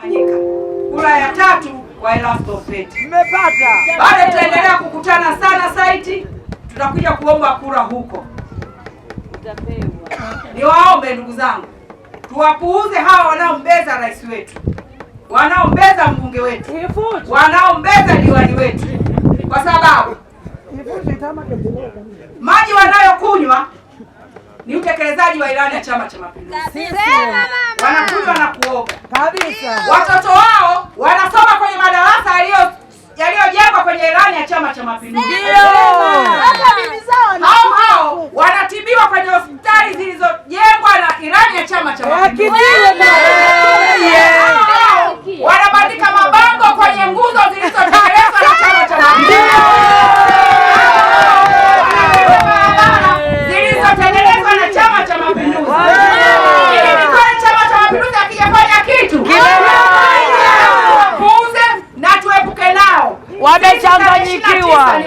kufanyika. kura ya tatu wa mmepata. Bado tutaendelea kukutana sana saiti, tutakuja kuomba kura huko. Niwaombe ndugu zangu, tuwapuuze hawa wanaombeza rais wetu, wanaombeza mbunge wetu, wanaombeza diwani wetu, kwa sababu maji wanayokunywa ni utekelezaji wa ilani ya Chama cha Mapinduzi watoto wao wanasoma kwenye madarasa yaliyojengwa kwenye ilani ya Chama cha Mapinduzi. Hao hao wanatibiwa kwenye hospitali zilizojengwa na ilani ya Chama cha Mapinduzi. wamechanganyikiwa.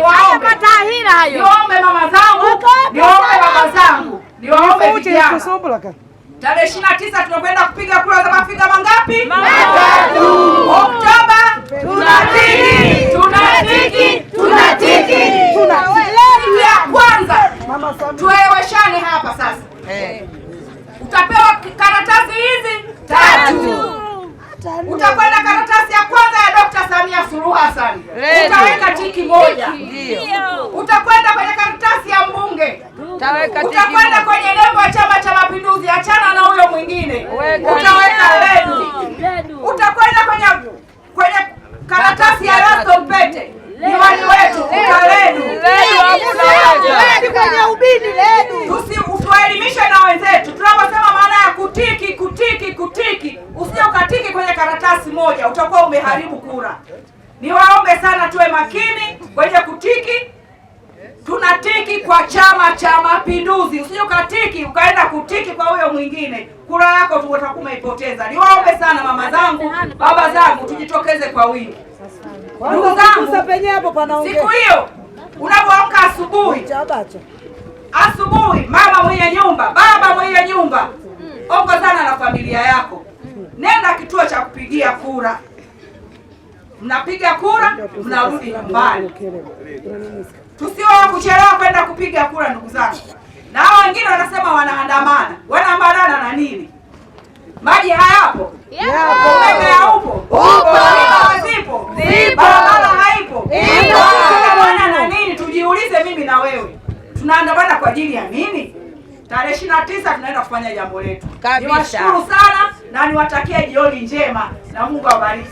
Niombe mama zangu, niombe baba zangu, niombe vijana Tarehe tunakwenda kupiga kura za mafiga mangapi? Oktoba tunatiki, tunatiki, tunatiki, ya kwanza tueleweshane hapa sasa. Eh. Utapewa karatasi hizi tatu, utakwenda karatasi Suluhu Hassan, utaweka tiki moja, utakwenda kwenye karatasi ya mbunge, utakwenda kwenye nembo ya Chama cha Mapinduzi, achana na huyo mwingine, utaweka redu, utakwenda kwenye kwenye karatasi ya Erasto Mpete, diwani wetu, utaredu kwenye ubini tuwaelimishe na wenzetu tunaposema maana ya kutiki kutiki kutiki, usije ukatiki kwenye karatasi moja, utakuwa umeharibu kura. Niwaombe sana tuwe makini kwenye kutiki. Tunatiki kwa Chama cha Mapinduzi, usije ukatiki ukaenda kutiki kwa huyo mwingine, kura yako tutakuwa umeipoteza. Niwaombe sana mama zangu, baba zangu, tujitokeze kwa wingi. Ndugu zangu, siku hiyo unapoamka asubuhi, asubuhi, mama mwenye nyumba, baba mwenye nyumba, ongozana na familia yako, nenda kituo cha kupigia kura mnapiga kura mnarudi nyumbani. Tusiwe kuchelewa kwenda kupiga kura, ndugu zangu. Na hao wengine wanasema wanaandamana, wanaandamana na nini? Maji hayapo, umeme haupo, zipo ala haipo bwana na nini? Tujiulize, mimi na wewe tunaandamana kwa ajili ya nini? Tarehe ishirini na tisa tunaenda kufanya jambo letu. Niwashukuru sana na niwatakie jioni njema na Mungu awabariki.